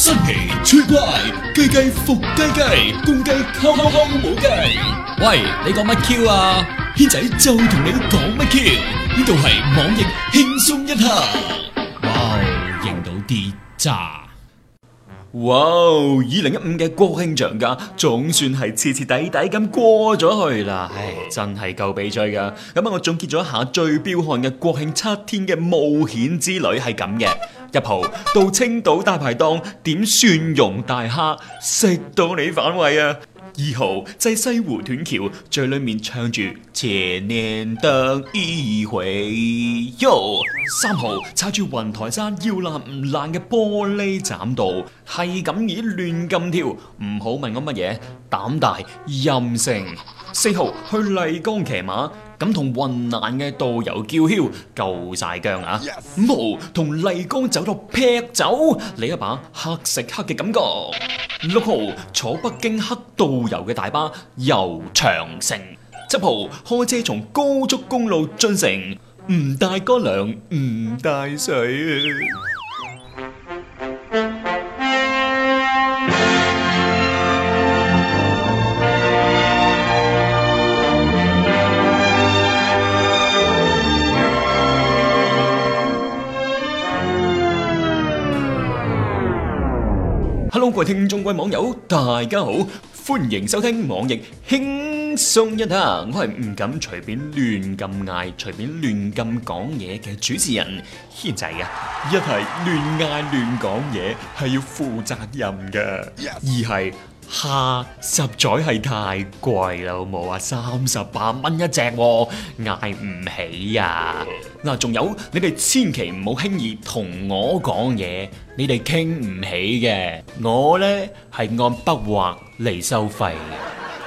新奇趣怪、脆快，雞雞伏雞雞，公雞扣扣扣冇雞。喂，你講乜 Q 啊？軒仔就同你講乜 Q？呢度係網易輕鬆一刻。哇，認到啲咋！哇，二零一五嘅國慶長假總算係徹徹底底咁過咗去啦。唉，真係夠悲催噶。咁啊，我總結咗一下最彪悍嘅國慶七天嘅冒險之旅係咁嘅。一號到青島大排檔點蒜蓉大蝦，食到你反胃啊！二號濟、就喺、西湖斷橋，最裏面唱住《千年等一回》。哦！三號踩住雲台山要爛唔爛嘅玻璃棧道，係咁咦亂咁跳，唔好問我乜嘢膽大任性。四號去麗江騎馬。咁同雲南嘅導遊叫囂夠晒薑啊！五 Yes. 號同麗江走到劈酒，嚟一把黑食黑嘅感覺。六 號坐北京黑導遊嘅大巴遊長城。七 號開車從高速公路進城。唔帶乾糧，唔帶水。 各位聽眾、各位網友，大家好，歡迎收聽網易輕鬆一刻。我係唔敢隨便亂咁嗌，隨便亂咁講嘢嘅主持人軒仔啊。一係亂嗌亂講嘢係要負責任嘅，二係。蝦實在係太貴啦，好冇啊，三十八蚊一隻喎，啊，挨唔起呀，啊！嗱，仲有你哋千祈唔好輕易同我講嘢，你哋傾唔起嘅。我呢，係按筆劃嚟收費，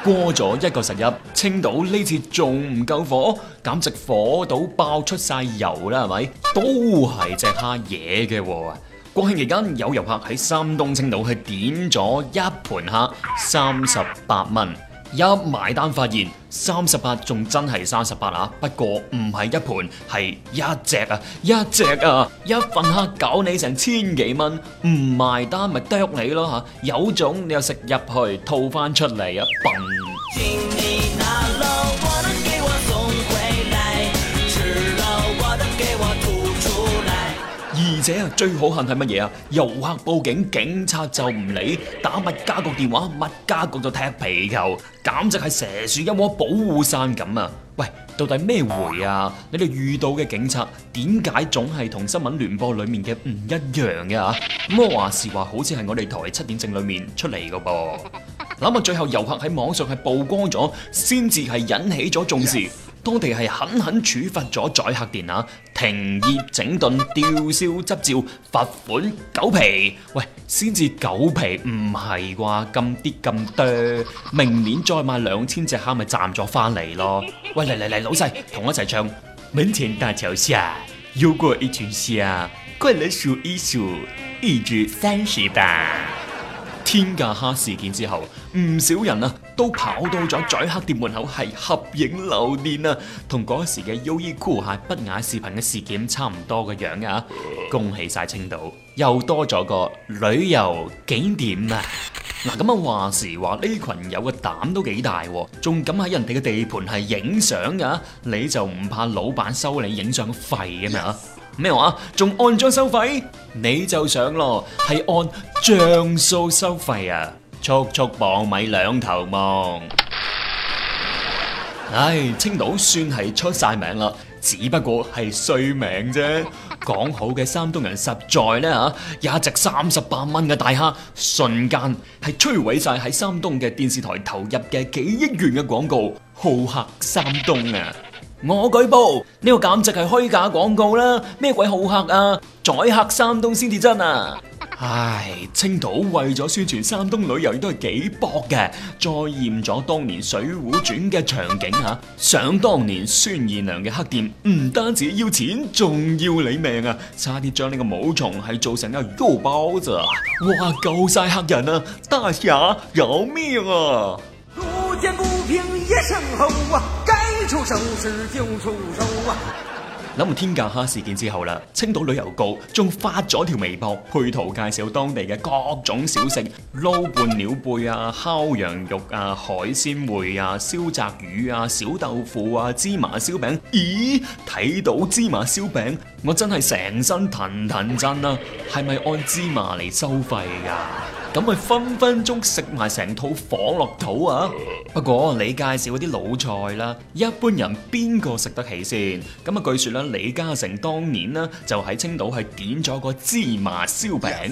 過咗一個十日，青島呢次仲唔夠火，簡直火到爆出晒油啦，係咪？都係隻蝦惹嘅禍。國慶期間有遊客喺山東青島係點咗一盤蝦，三十八蚊。一買單發現，三十八仲真係三十八啊！不過唔係一盤，係一隻啊，一隻啊，一份蝦搞你成千幾蚊，唔埋單咪剁你咯吓！有種你又食入去，吐翻出嚟一份。而且啊，最好恨係乜嘢啊？遊客報警，警察就唔理，打物價局電話，物價局就踢皮球，簡直係蛇鼠一窩保護傘咁啊！喂，到底咩回啊？你哋遇到嘅警察點解總係同新聞聯播裏面嘅唔一樣嘅吓？咁啊，我話時話好似係我哋台七點正裏面出嚟噶噃。諗下最後遊客喺網上係曝光咗，先至係引起咗重視。當地係狠狠處罰咗宰客店啊！停業整頓、吊銷執照、罰款九皮，喂，先至九皮唔係啩？咁啲咁多，明年再賣兩千隻蝦咪賺咗翻嚟咯！喂，嚟嚟嚟，老細，同我一齊唱。門前大橋下，游過一群蝦，快來數一數，一隻三十八。天價蝦事件之後，唔少人啊都跑到咗宰客店門口係合影留念啊，同嗰時嘅優衣庫係不雅視頻嘅事件差唔多嘅樣嘅啊，恭喜晒青島又多咗個旅遊景點啊！嗱，啊，咁啊話時話呢群友嘅膽都幾大，仲敢喺人哋嘅地盤係影相噶？你就唔怕老闆收你影相嘅費啊嘛？Yes. 咩話？仲按張收費？你就想咯，係按張數收費啊！速速磅米兩頭望。唉，青島算係出晒名啦，只不過係衰名啫。講好嘅山東人實在咧嚇，有一隻三十八蚊嘅大蝦，瞬間係摧毀晒喺山東嘅電視台投入嘅幾億元嘅廣告，好客山東啊！我舉報呢、呢個簡直係虛假廣告啦！咩鬼好客啊！宰客山東先至真啊！ 唉，青島為咗宣傳山東旅遊亦都係幾薄嘅，再驗咗當年《水滸傳》嘅場景啊！想當年孫二娘嘅黑店，唔單止要錢，仲要你命啊！差啲將呢個武松係做成一個肉包咋！哇，救晒客人啊！大俠饒命啊！路見不平一聲吼啊！就啊。諗完天價蝦事件之後啦，青島旅遊局仲發咗條微博，配圖介紹當地嘅各種小食，撈半鳥貝啊，烤羊肉啊，海鮮燴啊，燒雜魚啊，小豆腐啊，芝麻燒餅。咦，睇到芝麻燒餅，我真係成身騰騰震啊！係咪按芝麻嚟收費噶、啊？咁咪分分鐘食埋成套房落肚啊！不過你介紹嗰啲老菜啦，一般人邊個食得起先？咁啊，據說咧，李嘉誠當年咧就喺青島係揀咗個芝麻燒餅，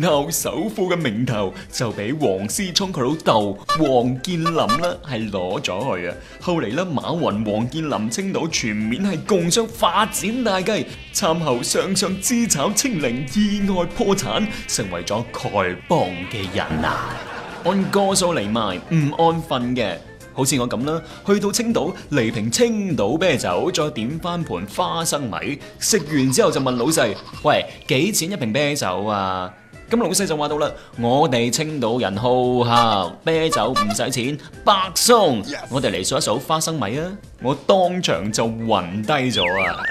然後首富嘅名頭就俾王思聰佢老豆王健林啦係攞咗去啊！後嚟咧，馬雲、王健林青島全面係共商發展大計，餐後上上資產清零，意外破產，成為咗丐幫。嘅人啊，按個數嚟賣唔安分嘅，好似我咁啦，去到青島嚟瓶青島啤酒，再點返盤花生米，食完之後就問老細：喂，幾錢一瓶啤酒啊？咁老細就話到啦，我哋青島人好客，啤酒唔使錢，白送。我哋嚟數一數花生米啊！我當場就暈低咗啊！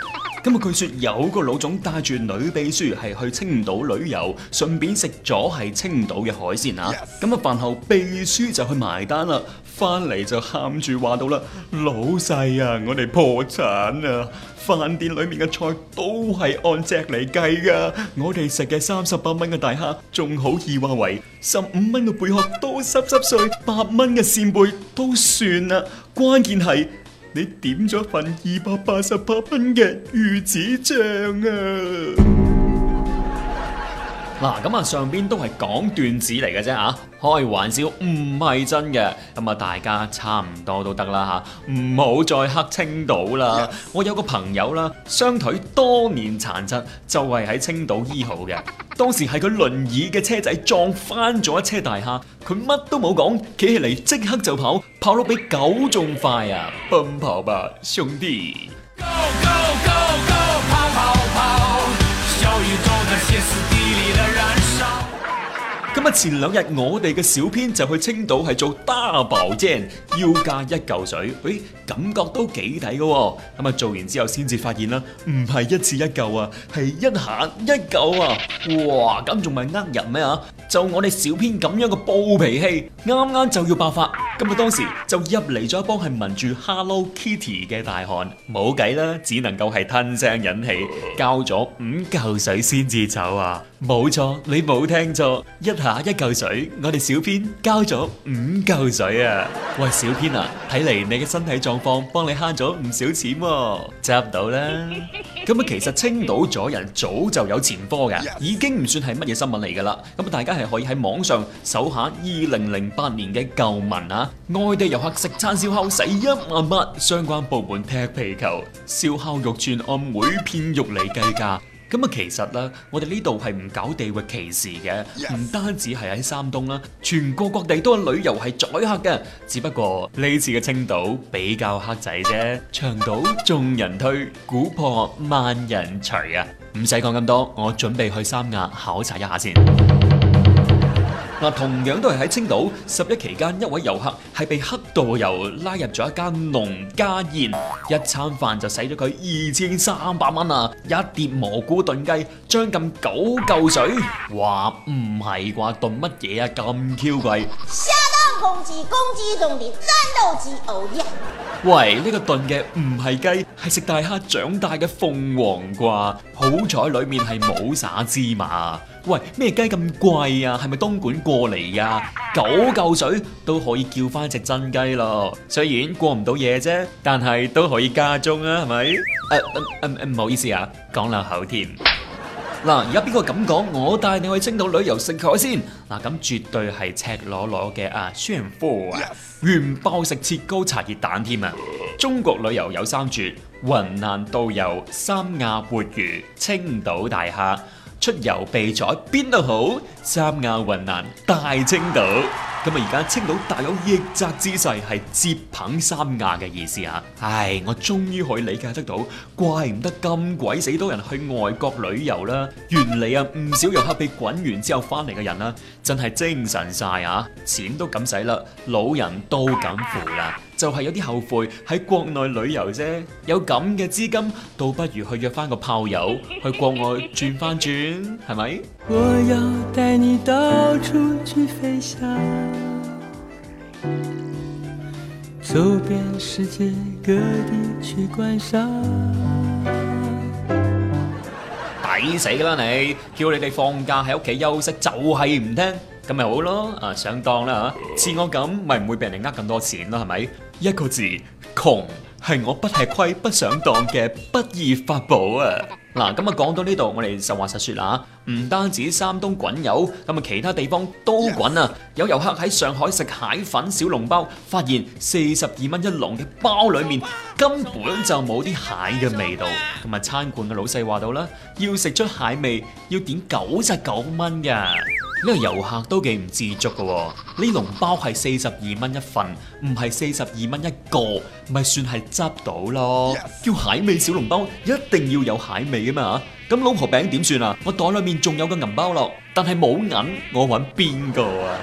今日據說有個老總帶住女秘書係去青島旅遊，順便食咗係青島嘅海鮮啊！咁啊，飯後秘書就去埋單啦，翻嚟就喊住話到啦：Yes. 老細啊，我哋破產啊！飯店裏面嘅菜都係按隻嚟計噶，我哋食嘅三十八蚊嘅大蝦，仲好易話為十五蚊嘅貝殼都濕濕碎，八蚊嘅扇貝都算啦，關鍵係。你點咗份二百八十八蚊嘅魚子醬啊！嗱，咁啊，上邊都係講段子嚟嘅啫啊，開玩笑唔係真嘅，咁啊，大家差唔多都得啦吓，唔好再黑青島啦。Yes. 我有個朋友啦，雙腿多年殘疾，就係喺青島醫好嘅。當時係佢輪椅嘅車仔撞翻咗一車大廈，佢乜都冇講，企起嚟即刻就跑，跑到比狗仲快啊！奔跑吧，兄弟！Go Go Go Go 跑跑，跑，跑小咁啊，前兩日我哋嘅小編就去青島係做 double，即係要加一嚿水，誒、哎，感覺都幾抵嘅喎。咁、嗯、啊，做完之後先至發現啦，唔係一次一嚿啊，係一下一嚿啊，哇！咁仲咪呃人咩啊？就我哋小編咁樣嘅暴脾氣，啱啱就要爆發，咁日當時就入嚟咗一幫係紋住 Hello Kitty 嘅大漢，冇計啦，只能夠係吞聲忍氣，交咗五嚿水先至走啊！冇錯，你冇聽錯，一下一嚿水，我哋小編交咗五嚿水啊！喂，小編啊，睇嚟你嘅身體狀況幫你慳咗唔少錢喎、啊，執到啦。 咁其實青島咗人早就有前科嘅，Yes. 已經唔算係乜嘢新聞嚟㗎啦。咁大家係可以喺網上搜下二零零八年嘅舊聞啊，外地遊客食餐燒烤使一萬八，相關部門踢皮球，燒烤肉串按每片肉嚟計價。咁啊，其實啦，我哋呢度係唔搞地域歧視嘅，唔 Yes. 單止係喺山東啦，全國各地都有旅遊係宰客嘅，只不過呢次嘅青島比較黑仔啫。牆倒眾人推，鼓破萬人錘啊！唔使講咁多，我準備去三亞考察一下先。嗱，同樣都係喺青島十一期間，一位遊客係被黑導遊拉入咗一間農家宴，一餐飯就使咗佢二千三百蚊啊！一碟蘑菇燉雞，將近九嚿水。嘩，唔係啩？燉乜嘢啊？咁 Q 貴？下蛋公雞，公雞中的，戰鬥機，哦耶！喂，呢個燉嘅唔係雞，係食大蝦長大嘅鳳凰啩？好彩裡面係冇撒芝麻。喂，咩雞咁貴啊？係咪東莞過嚟啊？九嚿水都可以叫翻隻真雞咯。雖然過唔到嘢啫，但係都可以加鐘啊，係咪？呃呃呃呃、唔好意思啊，講漏口添。嗱，而家邊個敢講？我帶你去青島旅遊食海鮮。嗱，咁絕對係赤裸裸嘅啊，炫富啊，原 Yes. 爆食切糕、茶葉蛋添啊！中國旅遊有三絕：雲南導遊、三亞活魚、青島大蝦。出遊避載，邊度好？三亞、雲南、大青島。咁啊，而家青島大有逆襲姿勢，係接棒三亞嘅意思啊！唉，我終於可以理解得到，怪唔得咁鬼死多人去外國旅遊啦。原嚟啊，唔少遊客被滾完之後翻嚟嘅人啦、啊，真係精神晒啊！錢都敢使啦，老人都敢扶啦。就係有啲後悔喺國內旅遊啫，有咁嘅資金，倒不如去約翻個炮友去國外轉翻轉，係咪 ？我要帶你到處去飛翔，走遍世界各地去觀賞，抵死啦你，叫你哋放假喺屋企休息就係、是、唔聽。咁咪好咯，啊上當啦嚇，似我咁咪唔會俾人哋呃咁多錢咯，係咪？一個字，窮，係我不吃虧不上當嘅不二法寶啊！嗱，咁啊，講到呢度，我哋實話實說啦，唔單止山東滾油，咁啊其他地方都滾啊！有遊客喺上海食蟹粉小籠包，發現四十二蚊一籠嘅包裏面根本就冇啲蟹嘅味道，同埋餐館嘅老細話到啦，要食出蟹味要點九十九蚊嘅。呢個遊客都幾唔知足嘅喎，呢籠包係四十二蚊一份，唔係四十二蚊一個，咪算係執到咯，叫蟹味小籠包一定要有蟹味。咁、啊、老婆餅點算啊？我袋裏面仲有個銀包咯，但係冇銀，我揾邊個啊？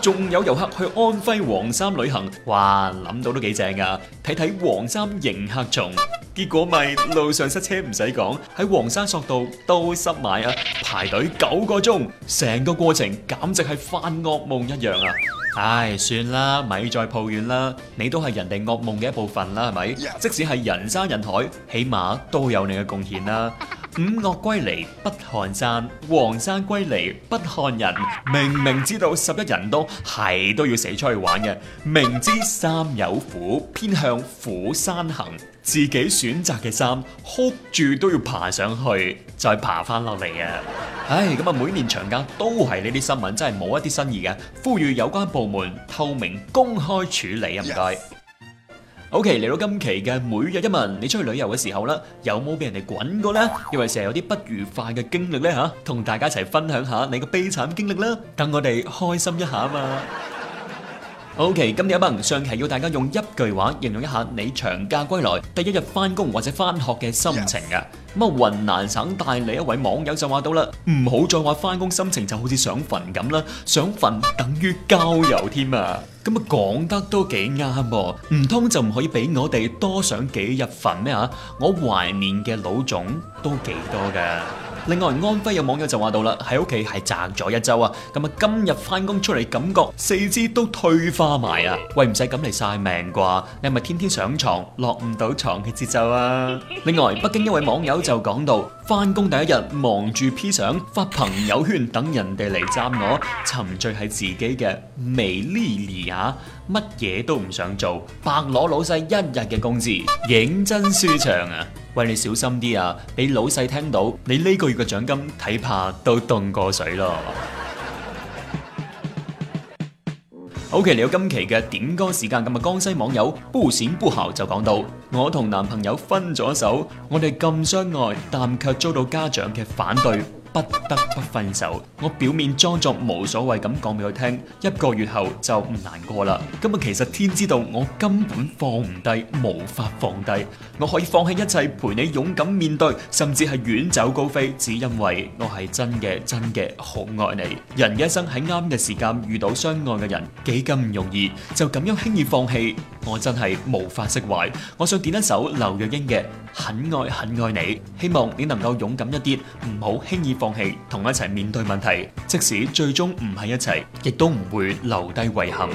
仲有遊客去安徽黃山旅行，哇！諗到都幾正啊，睇睇黃山迎客松。結果咪路上塞車唔使講，喺黃山索道都塞埋啊！排隊九個鐘，成個過程簡直係犯噩夢一樣啊！唉，算啦，咪再抱怨啦。你都係人哋噩夢嘅一部分啦，係咪？Yeah. 即使係人山人海，起碼都有你嘅貢獻啦。五岳歸嚟不看山，黃山歸嚟不看人。明明知道十一人多，係都要死出去玩嘅。明知山有虎，偏向虎山行。自己選擇嘅山，哭住都要爬上去，再爬翻落嚟啊！唉，咁啊，每年長假都係呢啲新聞，真係冇一啲新意嘅。呼籲有關部門透明公開處理啊！唔該。Yes. Ok，嚟到今期嘅每日一問，你出去旅遊嘅時候啦，有冇俾人哋滾過咧？因為成日有啲不愉快嘅經歷咧？吓，同大家一齊分享下你嘅悲慘經歷啦，等我哋開心一下啊嘛～好嘅，今朝一班，上期要大家用一句話形容一下你長假歸來第一日翻工或者翻學嘅心情啊。咁啊，雲南省大理一位網友就話到啦，唔好再話翻工心情就好似上墳咁啦，上墳等於郊遊添啊！咁啊，講得都幾啱喎，唔通就唔可以俾我哋多上幾日墳咩吓？我懷念嘅老總都幾多噶。另外，安徽有網友就話到啦，喺屋企係宅咗一周啊，咁啊今日翻工出嚟，感覺四肢都退化埋啊！喂，唔使咁嚟晒命啩？你係咪天天上床落唔到床嘅節奏啊？ 另外，北京一位網友就講到。返工第一日，忙住 P 相、發朋友圈，等人哋嚟讚我，沉醉喺自己嘅美麗裏啊。乜嘢都唔想做，白攞老細一日嘅工資，認真舒暢啊！喂，你小心啲啊，俾老細聽到，你呢個月嘅獎金，睇怕都凍過水咯。好嘅，嚟、okay，到今期嘅點歌時間。今日，江西網友不閃不毫就講到：我同男朋友分咗手，我哋咁相愛，但卻遭到家長嘅反對。不得不分手，我表面裝作無所謂咁講俾佢聽，一個月後就唔難過啦。今日其實天知道我根本放唔低，無法放低。我可以放棄一切陪你勇敢面對，甚至係遠走高飛，只因為我係真嘅真嘅好愛你。人一生喺啱嘅時間遇到相愛嘅人幾咁唔容易，就咁樣輕易放棄，我真係無法釋懷。我想點一首劉若英嘅《很愛很愛你》，希望你能夠勇敢一啲，唔好輕易。放棄，同一齊面對問題，即使最終唔係一齊，亦都唔會留低遺憾。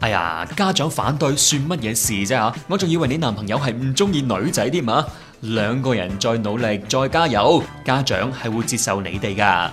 哎呀，家長反對算乜嘢事啫，啊？我仲以為你男朋友係唔中意女仔添啊！兩個人再努力，再加油，家長係會接受你哋噶。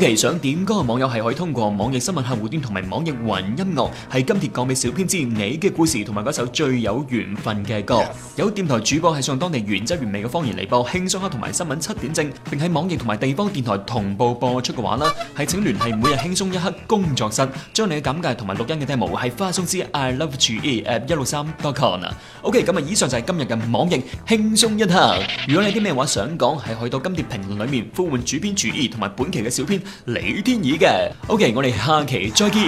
近期想點歌嘅網友係可以通過網易新聞客戶端同埋網易雲音樂，喺今貼講俾小編知你嘅故事同埋嗰首最有緣分嘅歌。有電台主播係上當地原汁原味嘅方言嚟播輕鬆一刻同埋新聞七點正，並喺網易同埋地方電台同步播出嘅話咧，係請聯繫每日輕鬆一刻工作室，將你嘅簡介同埋錄音嘅 demo 係發送至 I Love G E App 一六三 dot com。OK，咁啊，以上就係今日嘅網易輕鬆一刻。如果你有啲咩話想講，係去到今貼評論裏面呼喚主編注意同埋本期嘅小編。李天意嘅，OK，我哋下期再見。